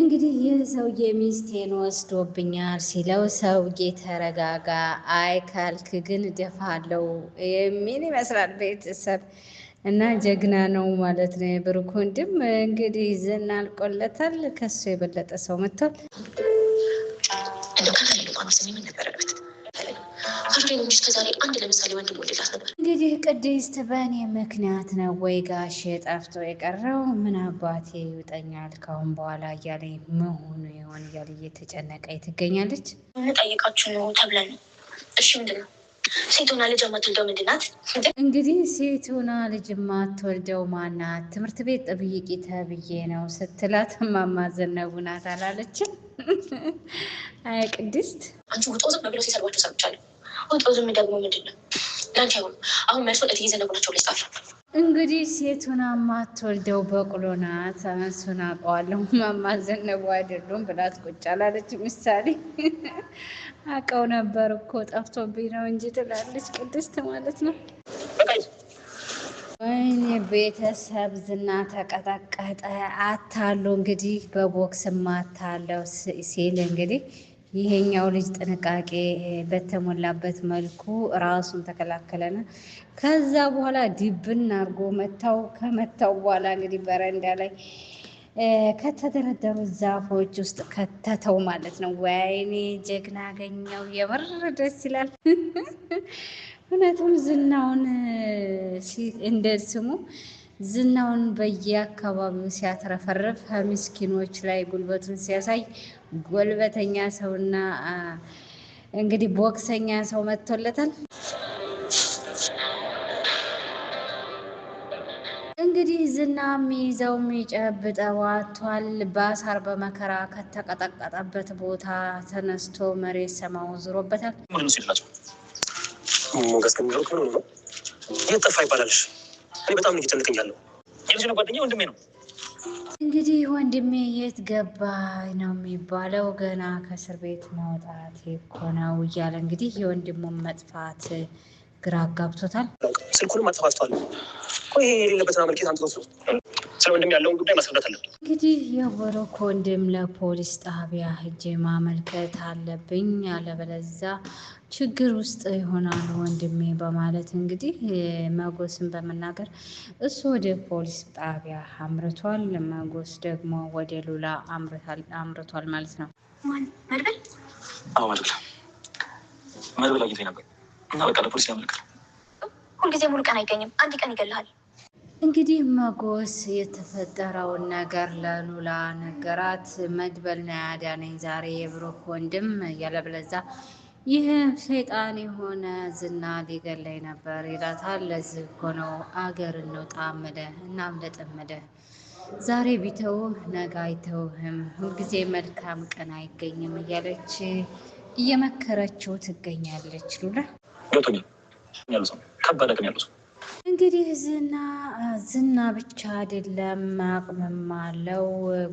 እንግዲህ ይህ ሰውዬ ሚስቴን ወስዶብኛል ሲለው ሰውዬ ተረጋጋ፣ አይ ካልክ ግን ደፋለው የሚል ይመስላል ቤተሰብ እና ጀግና ነው ማለት ነው። የብሩክ ወንድም እንግዲህ ዝና አልቆለታል። ከሱ የበለጠ ሰው መጥቷል። ፍርዴን እንጂ እስከዛሬ አንድ ለምሳሌ ወንድም ወልላት ነበር። እንግዲህ ቅድስት በእኔ ምክንያት ነው ወይ ጋሽ ጠፍቶ የቀረው ምን አባቴ ይውጠኛል ካሁን በኋላ እያለ መሆኑ የሆን እያለ እየተጨነቀ ትገኛለች። ጠይቃችሁ ነው ተብለን ነው። እሺ ምንድን ነው ሴቶና ልጅ ማትወልደው ምንድናት? እንግዲህ ሴቶና ልጅ ማትወልደው ማናት? ትምህርት ቤት ጠብይቂ ተብዬ ነው ስትላት ማማዘነቡ ናት አላለችም? አይ ቅድስት አንቺ ውጦ ዝም ብለው ሲሰሯቸው ሰምቻለሁ። ወጥሮ ዝም ደግሞ ምንድን ነው ለአንተ ሆኑ አሁን መልሶ ለት ጊዜ ነገሮቸው እንግዲህ ሴቱን ማትወልደው በቅሎ ናት። እሱን አውቀዋለሁ። ዘነቡ አይደሉም ብላት ቁጭ አላለች። ምሳሌ አውቀው ነበር እኮ ጠፍቶብኝ ነው እንጂ ትላለች ቅድስት ማለት ነው። ወይኔ ቤተሰብ ዝና ተቀጠቀጠ። አታሉ እንግዲህ በቦክስ ማታለው ሲል እንግዲህ ይሄኛው ልጅ ጥንቃቄ በተሞላበት መልኩ ራሱን ተከላከለና ከዛ በኋላ ዲብን አድርጎ መታው። ከመታው በኋላ እንግዲህ በረንዳ ላይ ከተደረደሩ ዛፎች ውስጥ ከተተው ማለት ነው። ወይኔ ጀግና አገኘው። የምር ደስ ይላል። እውነቱም ዝናውን እንደ ስሙ ዝናውን በየአካባቢው ሲያትረፈርፍ ከምስኪኖች ላይ ጉልበቱን ሲያሳይ ጎልበተኛ ሰውና እንግዲህ ቦክሰኛ ሰው መጥቶለታል። እንግዲህ ዝና የሚይዘው የሚጨብጠው አቷል። በአሳር በመከራ ከተቀጠቀጠበት ቦታ ተነስቶ መሬት ሰማው ዝሮበታል። ሙሉ ምስል ናቸው። ሞገስ ከሚለው ነው የጠፋ ይባላልሽ እኔ በጣም ነው እየጨነቀኝ ያለው። የልጅ ጓደኛ ወንድሜ ነው። እንግዲህ ወንድሜ የት ገባ ነው የሚባለው። ገና ከእስር ቤት መውጣት እኮ ነው እያለ እንግዲህ የወንድሙን መጥፋት ግራ አጋብቶታል። ስልኩንም አጥፋ አጥፋስተዋል። ይሄ የሌለበት ምልኬት አንጥቶት ስለ ወንድም ያለውን ጉዳይ ማስረዳት አለብን። እንግዲህ የብሩክ ወንድም ለፖሊስ ጣቢያ ሄጄ ማመልከት አለብኝ፣ አለበለዛ ችግር ውስጥ ይሆናል ወንድሜ በማለት እንግዲህ መጎስን በመናገር እሱ ወደ ፖሊስ ጣቢያ አምርቷል፣ መጎስ ደግሞ ወደ ሉላ አምርቷል ማለት ነው። መድብል አግኝቶኝ ነበር እና በቃ ለፖሊስ ሁልጊዜ ሙሉ ቀን አይገኝም፣ አንድ ቀን ይገልሃል። እንግዲህ መጎስ የተፈጠረውን ነገር ለሉላ ነገራት። መድበል ና ያዳነኝ ዛሬ የብሩክ ወንድም ያለብለዛ ይህ ሰይጣን የሆነ ዝና ሊገለይ ነበር ይላታል። ለዚህ እኮ ነው አገር እንውጣ ምለ እናምለጠምለ ዛሬ ቢተውህ ነገ አይተውህም፣ ሁልጊዜ መልካም ቀን አይገኝም እያለች እየመከረችው ትገኛለች ሉላ ከባድ ሰው እንግዲህ ዝና ዝና ብቻ አይደለም አቅምም አለው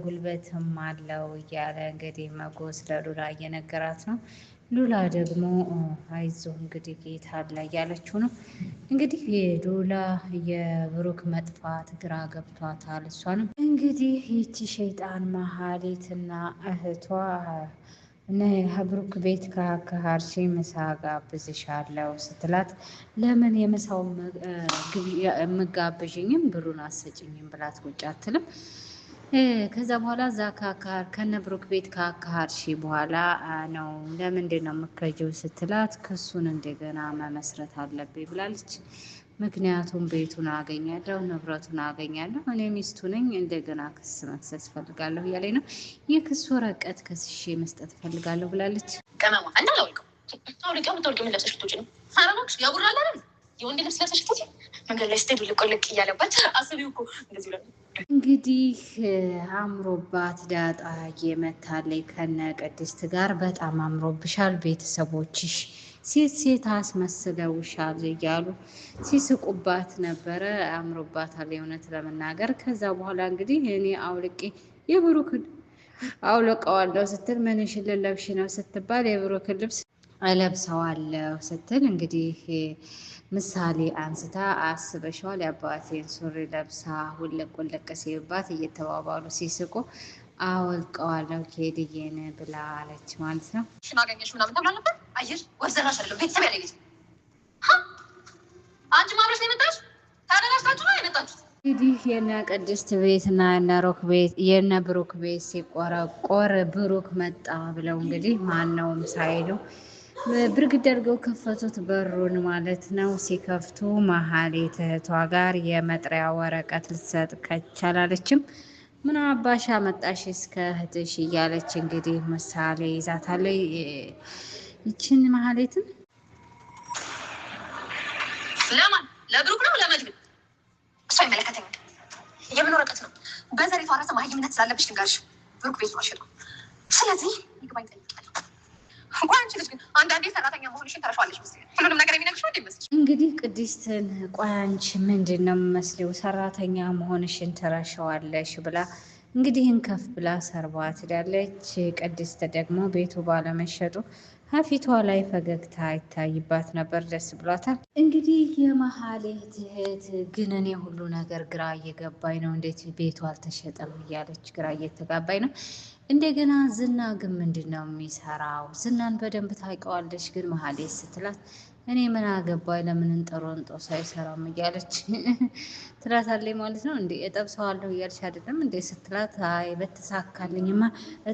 ጉልበትም አለው እያለ እንግዲህ መጎስ ለሉላ እየነገራት ነው። ሉላ ደግሞ አይዞ እንግዲህ ጌታ አለ እያለችው ነው። እንግዲህ ሉላ የብሩክ መጥፋት ግራ ገብቷታል። እሷንም እንግዲህ ይቺ ሸይጣን መሀሌትና እህቷ እና የሀብሩክ ቤት ከሀርሺ ምሳ ጋብዝሻለሁ ስትላት ለምን የምሳው የምጋብዥኝም ብሩን አሰጭኝም ብላት ቁጭ አትልም። ከዛ በኋላ እዛ ከአካሃር ከነብሩክ ቤት ከአካሃርሺ በኋላ ነው ለምንድን ነው የምከጀው ስትላት ክሱን እንደገና መመስረት አለብኝ ብላለች። ምክንያቱም ቤቱን አገኛለሁ፣ ንብረቱን አገኛለሁ፣ እኔ ሚስቱ ነኝ፣ እንደገና ክስ መክሰስ ፈልጋለሁ እያለኝ ነው። የክስ ወረቀት ከስሼ መስጠት ፈልጋለሁ ብላለች። እንግዲህ አምሮባት ዳጣ የመታለይ ከነ ቅድስት ጋር በጣም አምሮብሻል ቤተሰቦችሽ ሴት ሴት አስመስለውሻል እያሉ ሲስቁባት ነበረ። አምሮባታል የእውነት ለመናገር። ከዛ በኋላ እንግዲህ እኔ አውልቄ የብሩክን አውልቀዋለሁ ስትል ምንሽን ልለብሽ ነው ስትባል የብሩክን ልብስ እለብሰዋለሁ ስትል እንግዲህ ምሳሌ አንስታ አስበሸዋል። የአባቴን ሱሪ ለብሳ ውለቅ ውለቅ ሲልባት እየተባባሉ ሲስቁ አወልቀዋለሁ ኬድዬን ብላ አለች ማለት ነው። ምናምን ወዘራሽ ቤተሰብ ያለ ጊዜ አንቺ ነው እንግዲህ የነ ቅድስት ቤት እና የነ ሮክ ቤት የነ ብሩክ ቤት ሲቆረቆር ብሩክ መጣ ብለው እንግዲህ ማነውም ሳይሉ ብርግድ ደርገው ከፈቱት በሩን ማለት ነው። ሲከፍቱ መሀል የትህቷ ጋር የመጥሪያ ወረቀት ልትሰጥ ከቻላለችም ምን አባሽ አመጣሽ እስከ እህትሽ እያለች እንግዲህ ምሳሌ ይዛታለች። ይችን መሀሌትን ለማን ለብሩክ ነው ለመድብ እሱ አይመለከተኝ። የምን ወረቀት ነው? በዘሪቱ አራሰ ማህይምነት ስላለብሽ ልንገርሽ፣ ብሩክ ቤት ማሸጥ ስለዚህ ይግባኝ ጠይቄያለሁ። አንቺ ልጅ ግን አንዳንዴ ሰራተኛ መሆንሽን ተረሸዋለች ተረሻዋለሽ። ሁሉንም ይመስል እንግዲህ ቅድስትን ቆያንች ምንድን ነው የምመስለው ሰራተኛ መሆንሽን ትረሸዋለሽ ብላ እንግዲህን ከፍ ብላ ሰርባ ትዳለች። ቅድስት ደግሞ ቤቱ ባለመሸጡ ከፊቷ ላይ ፈገግታ ይታይባት ነበር። ደስ ብሏታል። እንግዲህ የመሀሌት እህት ግን እኔ ሁሉ ነገር ግራ እየገባኝ ነው፣ እንዴት ቤቱ አልተሸጠም እያለች ግራ እየተጋባኝ ነው። እንደገና ዝና ግን ምንድን ነው የሚሰራው? ዝናን በደንብ ታውቂዋለሽ ግን መሀሌት ስትላት እኔ ምን አገባኝ ለምን እንጦ ሳይሰራም እያለች ትላታለች ማለት ነው። እንዴ እጠብሰዋለሁ እያለች አይደለም እንዴ ስትላት፣ አይ በተሳካልኝማ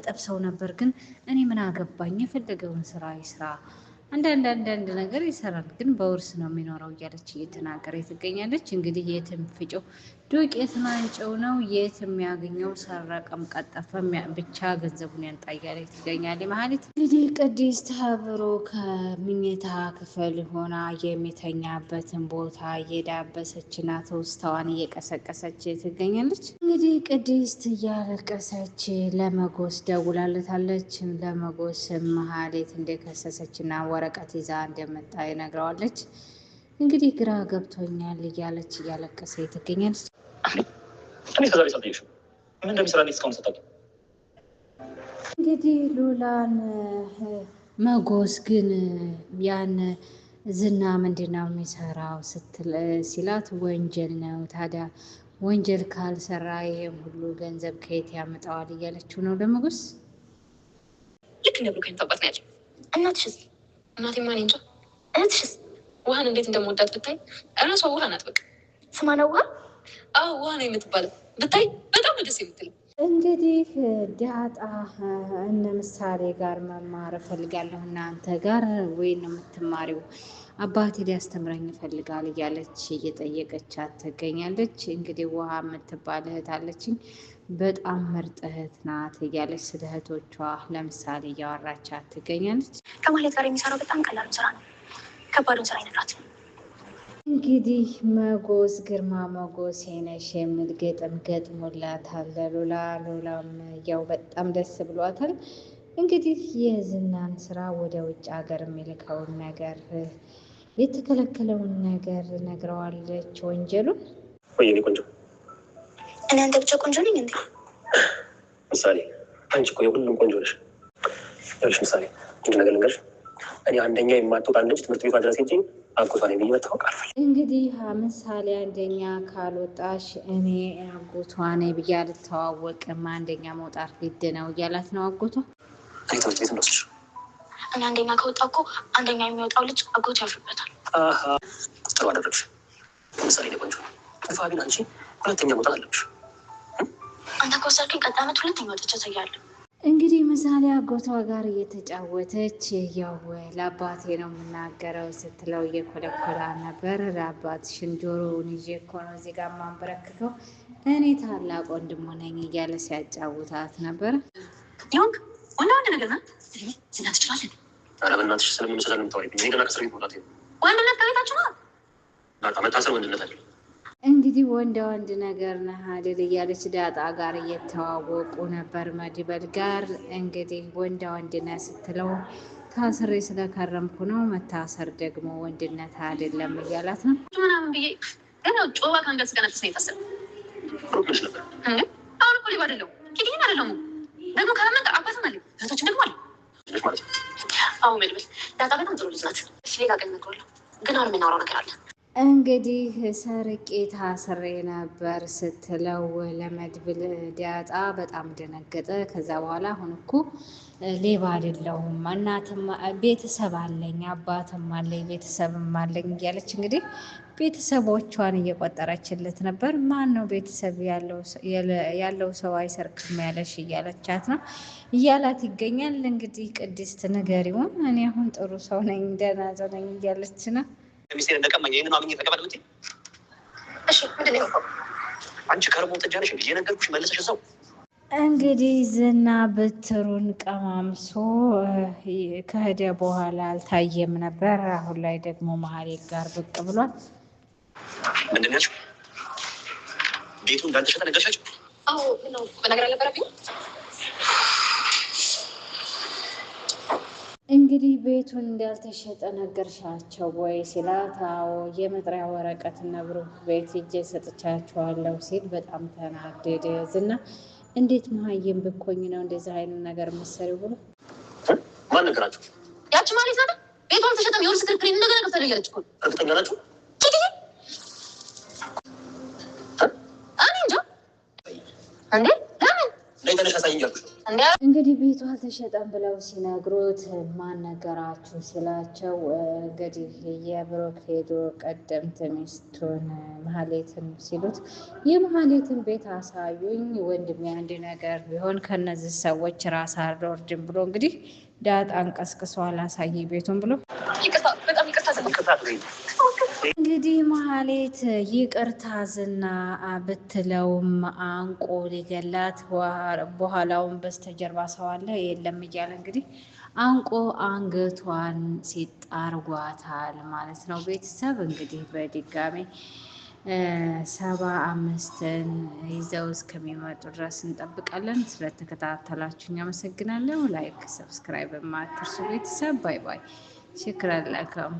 እጠብሰው ነበር፣ ግን እኔ ምን አገባኝ የፈለገውን ስራ ይስራ አንዳንድ አንዳንድ ነገር ይሰራል ግን በውርስ ነው የሚኖረው እያለች እየተናገረ ትገኛለች። እንግዲህ የትም ፍጮ ዱቄት ማንጨው ነው የት የሚያገኘው? ሰረቀም ቀጠፈም ብቻ ገንዘቡን ያንጣ እያለች ትገኛለች። እንግዲህ ቅድስት ተብሮ ከምኝታ ክፍል ሆና የሚተኛበትን ቦታ እየዳበሰችና እና ትውስታዋን እየቀሰቀሰች ትገኛለች። እንግዲህ ቅድስት እያለቀሰች ለመጎስ ደውላለታለች። ለመጎስ መሀሌት እንደከሰሰችና ወረቀት ይዛ እንደመጣ ይነግረዋለች። እንግዲህ ግራ ገብቶኛል እያለች እያለቀሰ ትገኛለች። እንግዲህ ሉላን መጎስ ግን ያን ዝና ምንድን ነው የሚሰራው ሲላት ወንጀል ነው ታዲያ ወንጀል ካልሰራ ይሄም ሁሉ ገንዘብ ከየት ያመጣዋል? እያለችው ነው ለመጎስ። ልክ ነህ ብሩክ፣ አባት ነው ያለው። እናትሽስ? እናቴማ እኔ እንጃ። እህትሽስ? ውሃን እንዴት እንደመወዳት ብታይ፣ እራሷ ውሃ ናት። በቃ ስማና ውሃ አዎ፣ ውሃ ነው የምትባለው። ብታይ በጣም ደስ የምትል እንግዲህ ዳጣ እነ ምሳሌ ጋር መማር እፈልጋለሁ፣ እናንተ ጋር ወይ ነው የምትማሪው? አባቴ ሊያስተምረኝ ይፈልጋል እያለች እየጠየቀቻት ትገኛለች። እንግዲህ ውሃ የምትባል እህት አለችኝ፣ በጣም ምርጥ እህት ናት እያለች ስለ እህቶቿ ለምሳሌ እያወራቻት ትገኛለች። ከማለት ጋር የሚሰራው በጣም ቀላል ስራ ነው። ከባዱን ስራ አይነግራት። እንግዲህ መጎስ ግርማ መጎስ ሄነሽ የሚል ግጥም ገጥሞላታል ሉላ። ሉላም ያው በጣም ደስ ብሏታል። እንግዲህ የዝናን ስራ ወደ ውጭ ሀገር የሚልከውን ነገር የተከለከለውን ነገር ነግረዋለች። ወንጀሉ ወይኔ ቆንጆ እናንተ ብቻ ቆንጆ ነኝ እንዴ? ምሳሌ አንቺ እኮ የሁሉም ቆንጆ ነሽ። ምሳሌ አንድ ነገር ልንገርሽ እኔ አንደኛ የማትወጣ ልጅ ትምህርት ቤቷ ድረስ እንጂ አጎቷ ነኝ ብዬ መታወቅ አልፈልግም። እንግዲህ ምሳሌ አንደኛ ካልወጣሽ እኔ አጎቷ ነኝ ብዬ አልተዋወቅም፣ አንደኛ መውጣት ግድ ነው እያላት ነው አጎቷ። እኔ ትምህርት ቤት እንደወስድሽ እኔ አንደኛ ከወጣ እኮ አንደኛ የሚወጣው ልጅ አጎት ያልፍበታል። ጥሩ አደረግሽ ምሳሌ ለቆንጆ ፋቢን፣ አንቺ ሁለተኛ መውጣት አለብሽ። አንተ ከወሰድከኝ ቀጣይ ዓመት ሁለተኛ ወጥቼ እሰያለሁ እንግዲህ ምሳሌ አጎቷ ጋር እየተጫወተች ያው ለአባቴ ነው የምናገረው ስትለው እየኮለኮላ ነበር። ለአባት ጆሮውን ይዤ እኮ ነው እዚህ ጋር ማንበረክከው እኔ ታላቅ ወንድሙ ነኝ እያለ ሲያጫውታት ነበር። ወንድነት ከቤታችሁ ነው መታሰር ወንድነት አይደለም። እንግዲህ ወንዳ ወንድ ነገር ነህ አይደል እያለች ዳጣ ጋር እየተዋወቁ ነበር። መድበል ጋር እንግዲህ ወንዳ ወንድ ነህ ስትለው ታስሬ ስለከረምኩ ነው፣ መታሰር ደግሞ ወንድነት አይደለም እያላት ነው። ምናምን ብዬ ጮባ ከአንገት ገነጥስ ነው የታሰር አሁን እኮ ሊባ አደለው ኪዲህን አደለሙ ደግሞ ከመንገ አባትም አለ እህቶችን ደግሞ አለ አሁ መድበል ዳጣ በጣም ጥሩ ልጅ ናት። ሌላ ቀን እነግረዋለሁ ግን አሁን የምናወራው ነገር አለ እንግዲህ ሰርቄ ታስሬ ነበር ስትለው ለመድብል ዳጣ በጣም ደነገጠ። ከዛ በኋላ አሁን እኮ ሌባ አይደለሁም፣ እናትም ቤተሰብ አለኝ፣ አባትም አለኝ፣ ቤተሰብም አለኝ እያለች እንግዲህ ቤተሰቦቿን እየቆጠረችለት ነበር። ማን ነው ቤተሰብ ያለው ሰው አይሰርቅም ያለሽ እያለቻት ነው እያላት ይገኛል። እንግዲህ ቅድስት ንገሪውን እኔ አሁን ጥሩ ሰው ነኝ፣ ደህና ሰው ነኝ እያለች ነው ሚስቴር እንደቀማኝ ይህንን ማመኝ ተቀበል ብትይ እሺ፣ ምንድን ነው አንቺ ከርሞ ጥጃነሽ የነገርኩሽ መለሰሽ ሰው እንግዲህ ዝና ብትሩን ቀማምሶ ከሄደ በኋላ አልታየም ነበር። አሁን ላይ ደግሞ መሀሌ ጋር ብቅ ብሏል። ምንድን ያልሽው? ቤቱ እንዳልተሸጠ ነገርሻቸው? አዎ፣ ነው መናገር አልነበረብኝም እንግዲህ ቤቱን እንዳልተሸጠ ነገርሻቸው ወይ ሲላት፣ አዎ የመጥሪያ ወረቀት እና ብሩክ ቤት እጄ ሰጥቻቸዋለሁ ሲል በጣም ተናደደ። ዝና እንዴት መሀይም ብኮኝ ነው እንደዚህ አይነት ነገር መሰሪ ብሎ ማን ነገራቸው? ያቺ ማለት ናት። ቤቷ አልተሸጠም። የሆነ ክርክር እንደገና ገብታ ያለች እርግጠኛ ናቸው። እኔ እንጃ እንዴ አይተነሽ አሳይኝ አልኩሽ። እንግዲህ ቤቱ አልተሸጠም ብለው ሲነግሩት ማን ነገራችሁ ስላቸው እንግዲህ የብሩክ ሄዶ ቀደምት ሚስቱን መሀሌትን ሲሉት የመሀሌትን ቤት አሳዩኝ ወንድሜ፣ አንድ ነገር ቢሆን ከነዚህ ሰዎች ራስ አልወርድም ብሎ እንግዲህ ዳጣ አንቀስቅሷል። አላሳይ ቤቱን ብሎ እንግዲህ መሀሌት ይቅርታ ዝና ብትለውም አንቆ ሊገላት በኋላውን በስተጀርባ ሰው አለ የለም እያለ እንግዲህ አንቆ አንገቷን ሲጣርጓታል ማለት ነው። ቤተሰብ እንግዲህ በድጋሚ ሰባ አምስትን ይዘው እስከሚመጡ ድረስ እንጠብቃለን። ስለተከታተላችሁኝ አመሰግናለሁ። ላይክ፣ ሰብስክራይብ ማትርሱ ቤተሰብ ባይ ባይ። ሽክረን ለከም